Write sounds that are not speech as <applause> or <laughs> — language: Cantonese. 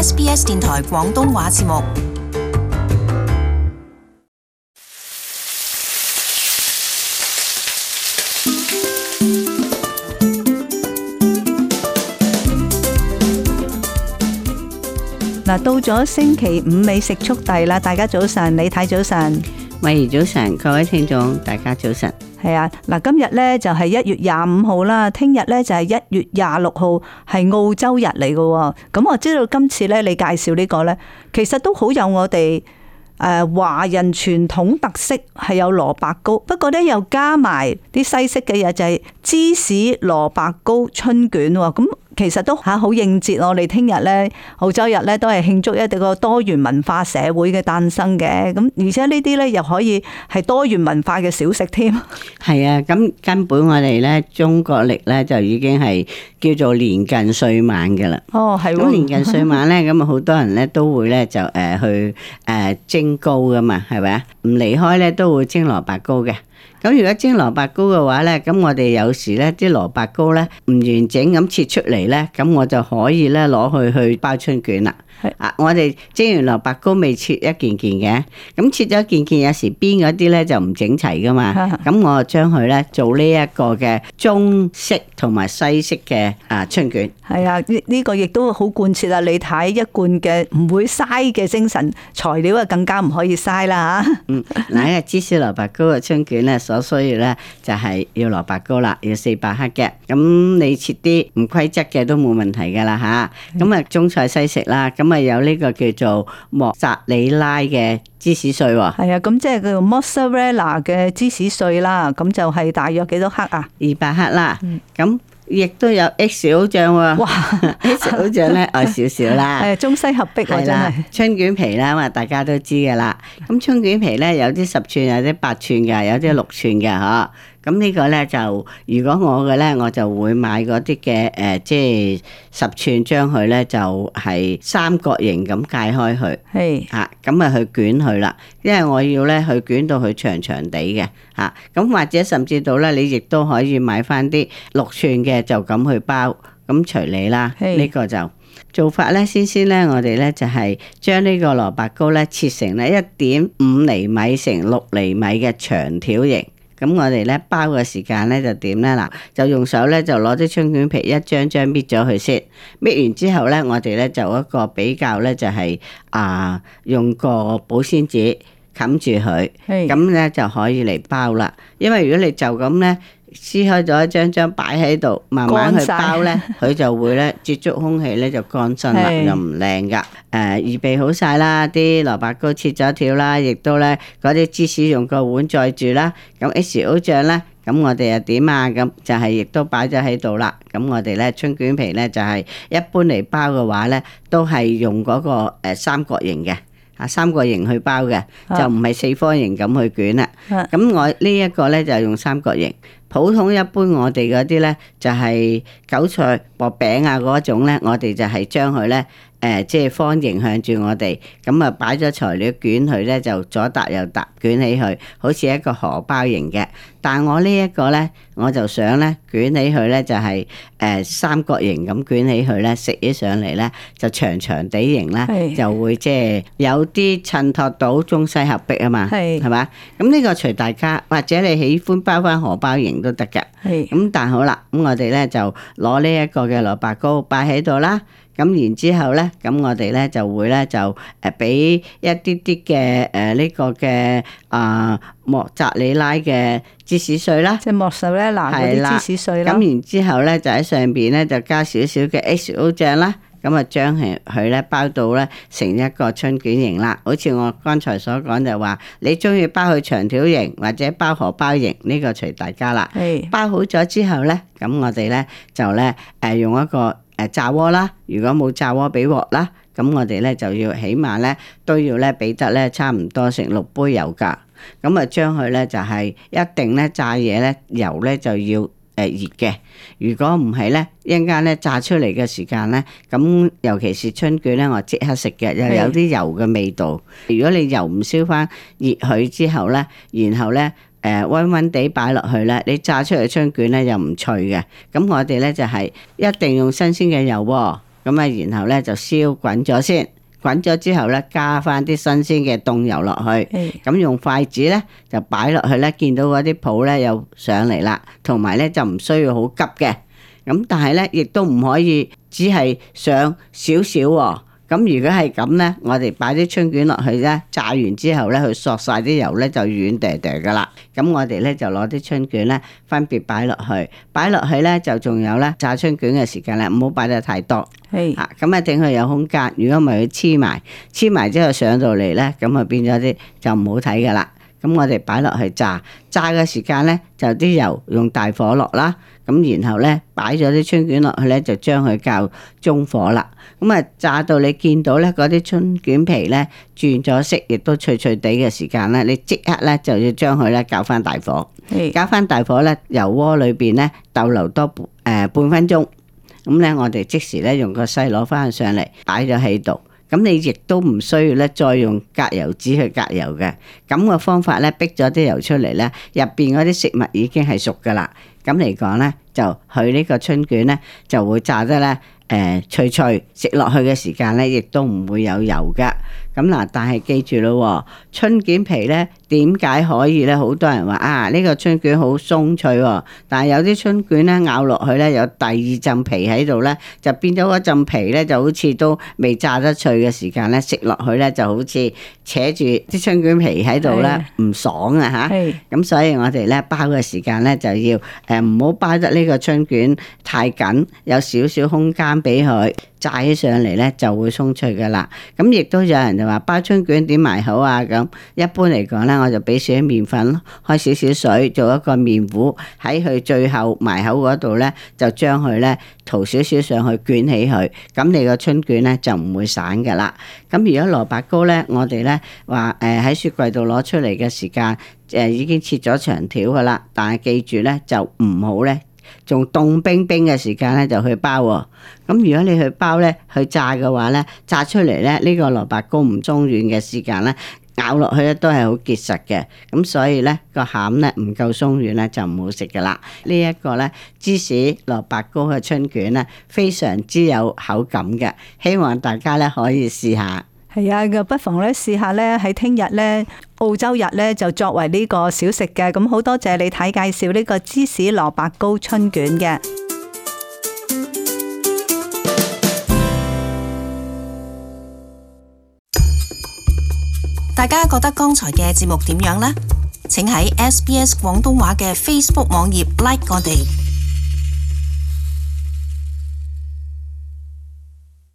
SBS 電台廣東話節目。嗱，到咗星期五美食速遞啦！大家早晨，李太早晨，米兒早晨，各位聽眾，大家早晨。係啊，嗱，今日咧就係一月廿五號啦，聽日咧就係一月廿六號，係澳洲日嚟噶。咁我知道今次咧你介紹呢個咧，其實都好有我哋誒華人傳統特色，係有蘿蔔糕，不過咧又加埋啲西式嘅嘢，就係芝士蘿蔔糕春卷咁。其實都嚇好應節，我哋聽日咧澳洲日咧都係慶祝一個多元文化社會嘅誕生嘅，咁而且呢啲咧又可以係多元文化嘅小食添。係啊，咁根本我哋咧中國曆咧就已經係叫做年近歲晚嘅啦。哦，係喎，年近歲晚咧，咁啊好多人咧都會咧就誒去誒蒸糕㗎嘛，係咪啊？唔離開咧都會蒸蘿蔔糕嘅。咁如果蒸蘿蔔糕嘅話呢，咁我哋有時呢啲蘿蔔糕呢唔完整咁切出嚟呢，咁我就可以呢攞去去包春卷啦。係啊！是我哋蒸完蘿蔔糕未切一件件嘅，咁切咗一件件，有時邊嗰啲咧就唔整齊噶嘛。咁 <laughs> 我就將佢咧做呢一個嘅中式同埋西式嘅啊春卷。係啊，呢、這、呢個亦都好貫徹啦。你睇一貫嘅唔會嘥嘅精神材料啊，更加唔可以嘥啦吓。 <laughs> 嗯，嗱、那個，芝士蘿蔔糕嘅春卷咧，所需要咧就係要蘿蔔糕啦，要四百克嘅。咁你切啲唔規則嘅都冇問題噶啦吓。咁啊，中菜西食啦。 <laughs> <laughs> 咁啊有呢個叫做莫扎里拉嘅芝士碎喎，係啊，咁即係叫做 mozzarella 嘅芝士碎啦，咁就係大約幾多克啊？二百克啦，咁亦都有 XO 醬喎，哇，XO 醬咧愛少少啦，係啊，中西合璧係啦，春卷皮啦，咁啊大家都知噶啦，咁春卷皮咧有啲十寸，有啲八寸嘅，有啲六寸嘅，嗬。咁呢個咧就，如果我嘅咧，我就會買嗰啲嘅誒，即係十寸將佢咧就係三角形咁解開佢，係 Hey.，啊咁啊去捲佢啦，因為我要咧去捲到佢長長地嘅嚇。咁、啊、或者甚至到咧，你亦都可以買翻啲六寸嘅就咁去包，咁隨你啦。呢 Hey. 個就做法咧，先先咧，我哋咧就係將呢個蘿蔔糕咧切成咧一點五厘米乘六厘米嘅長條形。咁我哋咧包嘅時間咧就點咧？嗱，就用手咧就攞啲春卷皮一張張搣咗佢先，搣完之後咧我哋咧就一個比較咧就係、是、啊用個保鮮紙冚住佢，咁咧是就可以嚟包啦。因為如果你就咁咧。撕開咗一張張擺喺度，慢慢去包咧，佢就會咧接觸空氣咧就乾身啦，又唔靚㗎。誒，預備好晒啦，啲蘿蔔糕切咗一條啦，亦都咧嗰啲芝士用個碗載住啦。咁 H O 醬咧，咁我哋又點啊？咁就係亦都擺咗喺度啦。咁我哋咧春卷皮咧就係一般嚟包嘅話咧，都係用嗰個誒三角形嘅啊，三角形去包嘅，就唔係四方形咁去捲啦。咁我呢一個咧就係用三角形。普通一般我哋嗰啲咧，就係韭菜薄餅啊嗰種咧，我哋就係將佢咧。誒，即係方形向住我哋，咁啊擺咗材料捲佢呢，就左搭右搭捲起佢，好似一個荷包形嘅。但我呢一個呢，我就想呢，捲起佢呢就係、是、誒、呃、三角形咁捲起佢呢，食起上嚟呢就長長地形咧，是就會即係有啲襯托到中西合璧啊嘛，係嘛是？咁呢個隨大家，或者你喜歡包翻荷包形都得㗎。咁是但好啦，咁我哋呢就攞呢一個嘅蘿蔔糕擺喺度啦。咁然之後咧，咁我哋咧就會咧就誒俾一啲啲嘅誒呢個嘅啊莫扎里拉嘅芝士碎啦，即係莫碎咧嗱嗰啲芝士碎啦。咁然之後咧就喺上邊咧就加少少嘅 XO 醬啦。咁啊將佢佢咧包到咧成一個春卷形啦。好似我剛才所講就話，你中意包佢長條形或者包荷包型，呢、這個隨大家啦。是包好咗之後咧，咁我哋咧就咧誒用一個。誒炸鍋啦，如果冇炸鍋俾鑊啦，咁我哋咧就要起碼咧都要咧俾得咧差唔多成六杯油噶，咁啊將佢咧就係一定咧炸嘢咧油咧就要誒熱嘅，如果唔係咧一陣間咧炸出嚟嘅時間咧，咁尤其是春卷咧我即刻食嘅又有啲油嘅味道，是如果你油唔燒翻熱佢之後咧，然後咧。誒，溫溫地擺落去咧，你炸出嚟春卷咧又唔脆嘅。咁我哋咧就係一定用新鮮嘅油，咁啊然後咧就燒滾咗先，滾咗之後咧加翻啲新鮮嘅凍油落去，咁用筷子咧就擺落去咧，見到嗰啲泡咧又上嚟啦，同埋咧就唔需要好急嘅。咁但係咧亦都唔可以只係上少少喎。咁如果係咁呢，我哋擺啲春卷落去呢，炸完之後呢，佢索晒啲油呢，就軟嗲嗲噶啦。咁我哋呢，就攞啲春卷呢，分別擺落去，擺落去呢，就仲有呢炸春卷嘅時間呢，唔好擺得太多。係咁 Hey. 啊，等佢有空間。如果唔係佢黐埋，黐埋之後上到嚟呢，咁啊變咗啲就唔好睇噶啦。咁我哋擺落去炸，炸嘅時間呢，就啲油用大火落啦。咁然後咧，擺咗啲春卷落去咧，就將佢較中火啦。咁啊，炸到你見到咧，嗰啲春卷皮咧轉咗色，亦都脆脆哋嘅時間咧，你即刻咧就要將佢咧較翻大火，較翻大火咧，油鍋裏邊咧逗留多半誒半分鐘。咁咧，我哋即時咧用個篩攞翻上嚟擺咗喺度。咁你亦都唔需要咧再用隔油紙去隔油嘅。咁個方法咧，逼咗啲油出嚟咧，入邊嗰啲食物已經係熟㗎啦。咁嚟講咧。就佢呢個春卷咧，就會炸得咧。誒脆脆食落去嘅時間咧，亦都唔會有油噶。咁嗱，但係記住咯，春卷皮咧點解可以咧？好多人話啊，呢個春卷好鬆脆喎。但係有啲春卷咧，咬落去咧有第二陣皮喺度咧，就變咗嗰陣皮咧就好似都未炸得脆嘅時間咧，食落去咧就好似扯住啲春卷皮喺度咧，唔爽啊吓，咁所以我哋咧包嘅時間咧就要誒唔好包得呢個春卷太緊，有少少空間。俾佢炸起上嚟呢，就會鬆脆噶啦。咁亦都有人就話包春卷點埋口啊，咁。一般嚟講呢，我就俾少啲麵粉，開少少水，做一個麵糊喺佢最後埋口嗰度呢，就將佢呢塗少少上去捲起佢。咁你個春卷呢，就唔會散噶啦。咁如果蘿蔔糕呢，我哋呢話誒喺雪櫃度攞出嚟嘅時間誒已經切咗長條噶啦，但係記住呢，就唔好呢。仲凍冰冰嘅時間咧就去包喎，哦，咁如果你去包咧去炸嘅話咧，炸出嚟咧呢，呢個蘿蔔糕唔鬆軟嘅時間咧咬落去咧都係好結實嘅，咁所以咧個餡咧唔夠鬆軟咧就唔好食㗎喇。呢個，呢一個咧芝士蘿蔔糕嘅春卷咧非常之有口感嘅，希望大家咧可以試下。係啊，不妨咧試下咧喺聽日咧澳洲日咧就作為呢個小食嘅，咁好多謝你睇介紹呢個芝士蘿蔔糕春卷嘅。大家覺得剛才嘅節目點樣呢？請喺 SBS 廣東話嘅 Facebook 網頁 like 我哋。